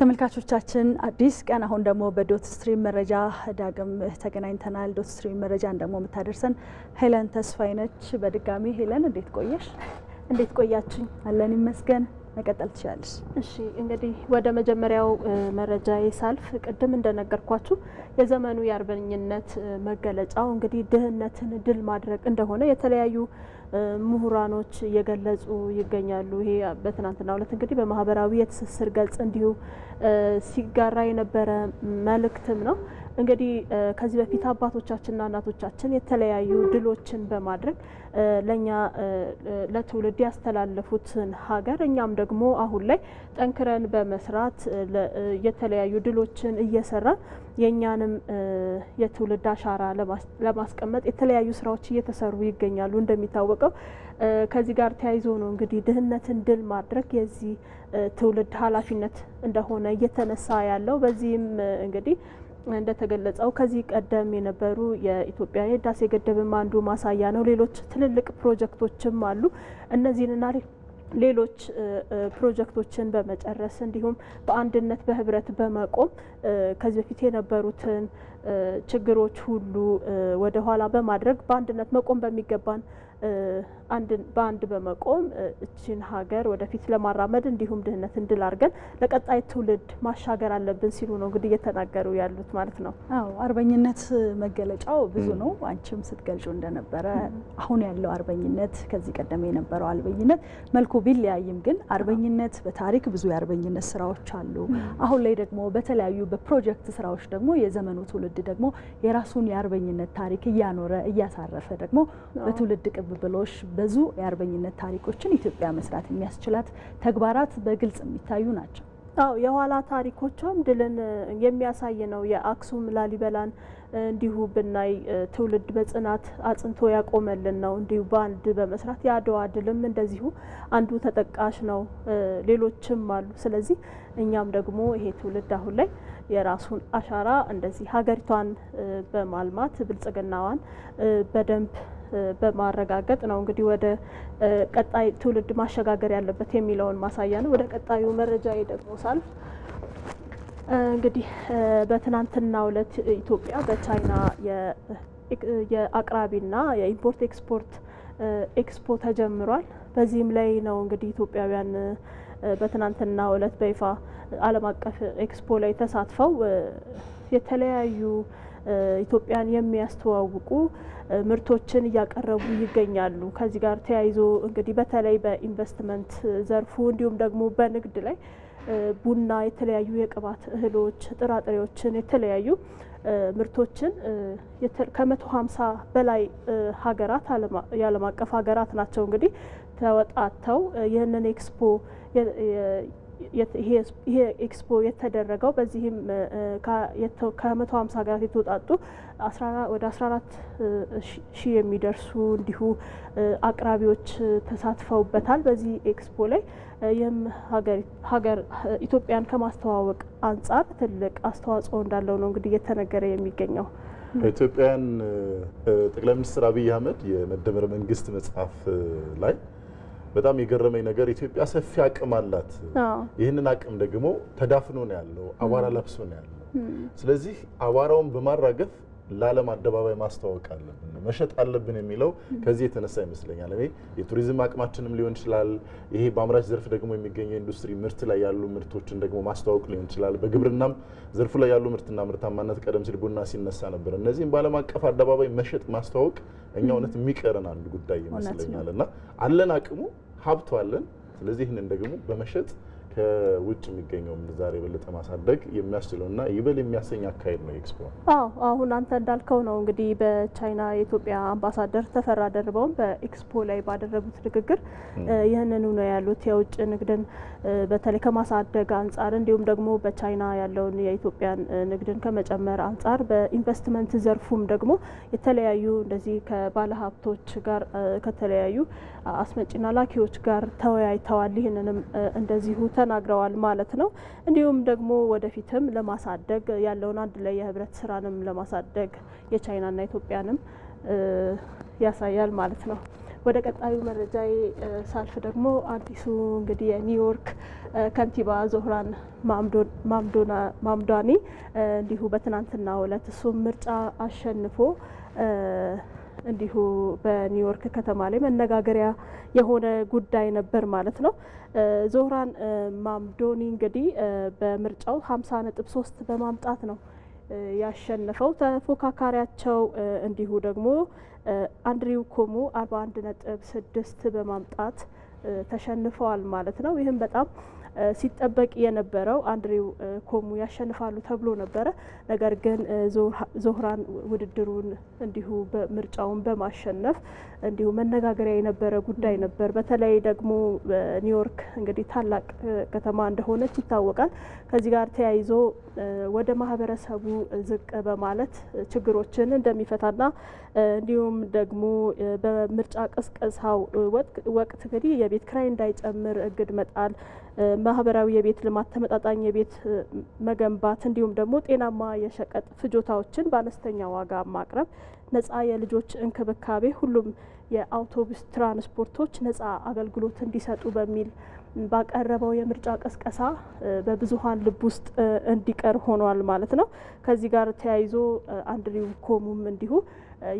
ተመልካቾቻችን አዲስ ቀን አሁን ደግሞ በዶት ስትሪም መረጃ ዳግም ተገናኝተናል። ዶት ስትሪም መረጃን ደግሞ የምታደርሰን ሄለን ተስፋዬ ነች። በድጋሚ ሄለን እንዴት ቆየሽ? እንዴት ቆያችኝ? አለን ይመስገን። መቀጠል ትችላለች። እሺ እንግዲህ ወደ መጀመሪያው መረጃ የሳልፍ ቅድም እንደነገርኳችሁ የዘመኑ የአርበኝነት መገለጫው እንግዲህ ድህነትን ድል ማድረግ እንደሆነ የተለያዩ ምሁራኖች እየገለጹ ይገኛሉ። ይሄ በትናንትና ዕለት እንግዲህ በማህበራዊ የትስስር ገጽ እንዲሁ ሲጋራ የነበረ መልእክትም ነው። እንግዲህ ከዚህ በፊት አባቶቻችንና እናቶቻችን የተለያዩ ድሎችን በማድረግ ለእኛ ለትውልድ ያስተላለፉትን ሀገር እኛም ደግሞ አሁን ላይ ጠንክረን በመስራት የተለያዩ ድሎችን እየሰራን የእኛንም የትውልድ አሻራ ለማስቀመጥ የተለያዩ ስራዎች እየተሰሩ ይገኛሉ እንደሚታወቅ እንደምናውቀው ከዚህ ጋር ተያይዞ ነው እንግዲህ ድህነትን ድል ማድረግ የዚህ ትውልድ ኃላፊነት እንደሆነ እየተነሳ ያለው። በዚህም እንግዲህ እንደተገለጸው ከዚህ ቀደም የነበሩ የኢትዮጵያ የህዳሴ ግድብም አንዱ ማሳያ ነው። ሌሎች ትልልቅ ፕሮጀክቶችም አሉ። እነዚህንና ሌሎች ፕሮጀክቶችን በመጨረስ እንዲሁም በአንድነት በህብረት በመቆም ከዚህ በፊት የነበሩትን ችግሮች ሁሉ ወደኋላ በማድረግ በአንድነት መቆም በሚገባን በአንድ በመቆም እችን ሀገር ወደፊት ለማራመድ እንዲሁም ድህነት እንድላርገን አድርገን ለቀጣይ ትውልድ ማሻገር አለብን ሲሉ ነው እንግዲህ እየተናገሩ ያሉት ማለት ነው። አዎ አርበኝነት መገለጫው ብዙ ነው። አንቺም ስትገልጩ እንደነበረ አሁን ያለው አርበኝነት ከዚህ ቀደም የነበረው አርበኝነት መልኩ ቢለያይም ግን አርበኝነት በታሪክ ብዙ የአርበኝነት ስራዎች አሉ። አሁን ላይ ደግሞ በተለያዩ በፕሮጀክት ስራዎች ደግሞ የዘመኑ ትውልድ ደግሞ የራሱን የአርበኝነት ታሪክ እያኖረ እያሳረፈ ደግሞ በትውልድ ቅብ ቀረብ ብሎሽ ብዙ የአርበኝነት ታሪኮችን ኢትዮጵያ መስራት የሚያስችላት ተግባራት በግልጽ የሚታዩ ናቸው። አዎ የኋላ ታሪኮቿም ድልን የሚያሳይ ነው። የአክሱም ላሊበላን እንዲሁ ብናይ ትውልድ በጽናት አጽንቶ ያቆመልን ነው። እንዲሁ በአንድ በመስራት የአድዋ ድልም እንደዚሁ አንዱ ተጠቃሽ ነው። ሌሎችም አሉ። ስለዚህ እኛም ደግሞ ይሄ ትውልድ አሁን ላይ የራሱን አሻራ እንደዚህ ሀገሪቷን በማልማት ብልጽግናዋን በደንብ በማረጋገጥ ነው እንግዲህ ወደ ቀጣይ ትውልድ ማሸጋገር ያለበት የሚለውን ማሳያ ነው። ወደ ቀጣዩ መረጃ ደግሞ ሳልፍ እንግዲህ በትናንትናው ዕለት ኢትዮጵያ በቻይና የአቅራቢና የኢምፖርት ኤክስፖርት ኤክስፖ ተጀምሯል። በዚህም ላይ ነው እንግዲህ ኢትዮጵያውያን በትናንትናው ዕለት በይፋ ዓለም አቀፍ ኤክስፖ ላይ ተሳትፈው የተለያዩ ኢትዮጵያን የሚያስተዋውቁ ምርቶችን እያቀረቡ ይገኛሉ። ከዚህ ጋር ተያይዞ እንግዲህ በተለይ በኢንቨስትመንት ዘርፉ እንዲሁም ደግሞ በንግድ ላይ ቡና፣ የተለያዩ የቅባት እህሎች፣ ጥራጥሬዎችን፣ የተለያዩ ምርቶችን ከመቶ ሀምሳ በላይ ሀገራት የዓለም አቀፍ ሀገራት ናቸው እንግዲህ ተወጣተው ይህንን ኤክስፖ ይሄ ኤክስፖ የተደረገው በዚህም ከመቶ ሀምሳ ሀገራት የተውጣጡ ወደ 14 ሺህ የሚደርሱ እንዲሁ አቅራቢዎች ተሳትፈውበታል። በዚህ ኤክስፖ ላይ ይህም ሀገር ኢትዮጵያን ከማስተዋወቅ አንጻር ትልቅ አስተዋጽኦ እንዳለው ነው እንግዲህ እየተነገረ የሚገኘው። ኢትዮጵያን ጠቅላይ ሚኒስትር አብይ አህመድ የመደመር መንግስት መጽሐፍ ላይ በጣም የገረመኝ ነገር ኢትዮጵያ ሰፊ አቅም አላት። ይህንን አቅም ደግሞ ተዳፍኖ ነው ያለው፣ አቧራ ለብሶ ነው ያለው። ስለዚህ አቧራውን በማራገፍ ለዓለም አደባባይ ማስተዋወቅ አለብን፣ መሸጥ አለብን የሚለው ከዚህ የተነሳ ይመስለኛል። እኔ የቱሪዝም አቅማችንም ሊሆን ይችላል። ይሄ በአምራች ዘርፍ ደግሞ የሚገኘው ኢንዱስትሪ ምርት ላይ ያሉ ምርቶችን ደግሞ ማስተዋወቅ ሊሆን ይችላል። በግብርናም ዘርፉ ላይ ያሉ ምርትና ምርታማነት ቀደም ሲል ቡና ሲነሳ ነበር። እነዚህም በዓለም አቀፍ አደባባይ መሸጥ ማስተዋወቅ እኛ እውነት የሚቀረን አንድ ጉዳይ ይመስለኛል እና አለን አቅሙ ሀብቷለን። ስለዚህ ይህንን ደግሞ በመሸጥ ከውጭ የሚገኘው ምንዛሬ የበለጠ ማሳደግ የሚያስችለውና ይበል የሚያሰኝ አካሄድ ነው ኤክስፖ። አዎ አሁን አንተ እንዳልከው ነው እንግዲህ በቻይና የኢትዮጵያ አምባሳደር ተፈራ ደርበውም በኤክስፖ ላይ ባደረጉት ንግግር ይህንኑ ነው ያሉት። የውጭ ንግድን በተለይ ከማሳደግ አንጻር እንዲሁም ደግሞ በቻይና ያለውን የኢትዮጵያን ንግድን ከመጨመር አንጻር በኢንቨስትመንት ዘርፉም ደግሞ የተለያዩ እንደዚህ ከባለ ሀብቶች ጋር ከተለያዩ አስመጪና ላኪዎች ጋር ተወያይተዋል። ይህንንም እንደዚሁ ተናግረዋል ማለት ነው። እንዲሁም ደግሞ ወደፊትም ለማሳደግ ያለውን አንድ ላይ የህብረት ስራንም ለማሳደግ የቻይናና ኢትዮጵያንም ያሳያል ማለት ነው። ወደ ቀጣዩ መረጃ ሳልፍ ደግሞ አዲሱ እንግዲህ የኒውዮርክ ከንቲባ ዞህራን ማምዳኒ እንዲሁ በትናንትናው ዕለት እሱም ምርጫ አሸንፎ እንዲሁ በኒውዮርክ ከተማ ላይ መነጋገሪያ የሆነ ጉዳይ ነበር ማለት ነው። ዞህራን ማምዶኒ እንግዲህ በምርጫው ሀምሳ ነጥብ ሶስት በማምጣት ነው ያሸነፈው። ተፎካካሪያቸው እንዲሁ ደግሞ አንድሪው ኮሙ 41 ነጥብ ስድስት በማምጣት ተሸንፈዋል ማለት ነው። ይህም በጣም ሲጠበቅ የነበረው አንድሬው ኮሙ ያሸንፋሉ ተብሎ ነበረ። ነገር ግን ዞህራን ውድድሩን እንዲሁ ምርጫውን በማሸነፍ እንዲሁ መነጋገሪያ የነበረ ጉዳይ ነበር። በተለይ ደግሞ ኒውዮርክ እንግዲህ ታላቅ ከተማ እንደሆነች ይታወቃል። ከዚህ ጋር ተያይዞ ወደ ማህበረሰቡ ዝቅ በማለት ችግሮችን እንደሚፈታና እንዲሁም ደግሞ በምርጫ ቀስቀሳው ወቅት እንግዲህ የቤት ክራይ እንዳይጨምር እግድ መጣል ማህበራዊ የቤት ልማት፣ ተመጣጣኝ የቤት መገንባት እንዲሁም ደግሞ ጤናማ የሸቀጥ ፍጆታዎችን በአነስተኛ ዋጋ ማቅረብ፣ ነጻ የልጆች እንክብካቤ፣ ሁሉም የአውቶቡስ ትራንስፖርቶች ነጻ አገልግሎት እንዲሰጡ በሚል ባቀረበው የምርጫ ቀስቀሳ በብዙሀን ልብ ውስጥ እንዲቀር ሆኗል ማለት ነው። ከዚህ ጋር ተያይዞ አንድሪው ኮሙም እንዲሁ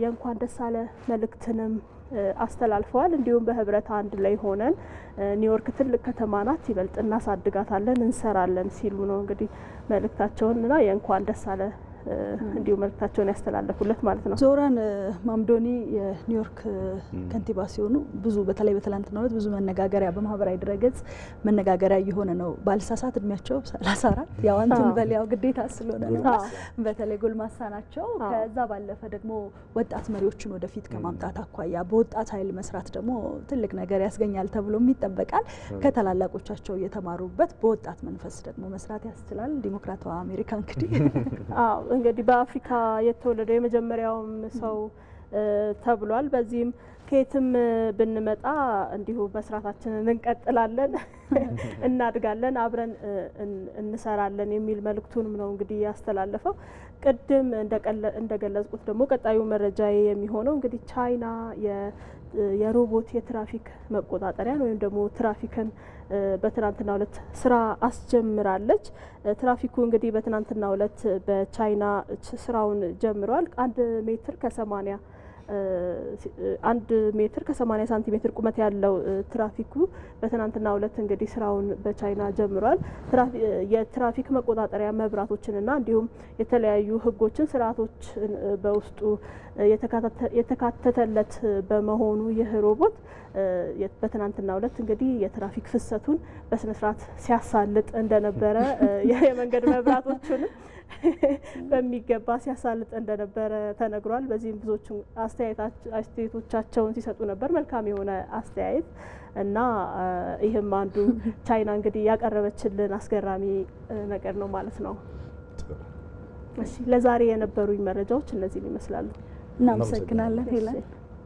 የእንኳን ደስ አለ መልእክትንም አስተላልፈዋል። እንዲሁም በህብረት አንድ ላይ ሆነን ኒውዮርክ ትልቅ ከተማ ናት፣ ይበልጥ እናሳድጋታለን፣ እንሰራለን ሲሉ ነው እንግዲህ መልእክታቸውንና የእንኳን ደስ አለ እንዲሁ መልእክታቸውን ያስተላለፉለት ማለት ነው። ዞራን ማምዶኒ የኒውዮርክ ከንቲባ ሲሆኑ ብዙ በተለይ በትላንትናው ዕለት ብዙ መነጋገሪያ በማህበራዊ ድረገጽ መነጋገሪያ እየሆነ ነው። ባልሳሳት እድሜያቸው ሰላሳ አራት ያው አንቱን ግዴታ ስለሆነ ነው። በተለይ ጎልማሳ ናቸው። ከዛ ባለፈ ደግሞ ወጣት መሪዎችን ወደፊት ከማምጣት አኳያ በወጣት ኃይል መስራት ደግሞ ትልቅ ነገር ያስገኛል ተብሎም ይጠበቃል። ከታላላቆቻቸው የተማሩበት በወጣት መንፈስ ደግሞ መስራት ያስችላል። ዲሞክራቷ አሜሪካ እንግዲህ እንግዲህ በአፍሪካ የተወለደው የመጀመሪያውም ሰው ተብሏል። በዚህም ከየትም ብንመጣ እንዲሁ መስራታችንን እንቀጥላለን፣ እናድጋለን፣ አብረን እንሰራለን የሚል መልእክቱንም ነው እንግዲህ ያስተላለፈው። ቅድም እንደገለጽኩት ደግሞ ቀጣዩ መረጃ የሚሆነው እንግዲህ ቻይና የሮቦት የትራፊክ መቆጣጠሪያን ወይም ደግሞ ትራፊክን በትናንትናው ዕለት ስራ አስጀምራለች። ትራፊኩ እንግዲህ በትናንትናው ዕለት በቻይና ስራውን ጀምረዋል። አንድ ሜትር ከሰማኒያ አንድ ሜትር ከ80 ሳንቲሜትር ቁመት ያለው ትራፊኩ በትናንትና ሁለት እንግዲህ ስራውን በቻይና ጀምሯል። የትራፊክ መቆጣጠሪያ መብራቶችንና እንዲሁም የተለያዩ ህጎችን፣ ስርዓቶች በውስጡ የተካተተለት በመሆኑ ይህ ሮቦት በትናንትና ሁለት እንግዲህ የትራፊክ ፍሰቱን በስነስርዓት ሲያሳልጥ እንደነበረ የመንገድ መብራቶቹንም በሚገባ ሲያሳልጥ እንደነበረ ተነግሯል። በዚህም ብዙዎቹ አስተያየቶቻቸውን ሲሰጡ ነበር። መልካም የሆነ አስተያየት እና ይህም አንዱ ቻይና እንግዲህ ያቀረበችልን አስገራሚ ነገር ነው ማለት ነው። እሺ ለዛሬ የነበሩኝ መረጃዎች እነዚህን ይመስላሉ። እናመሰግናለን ሄለን።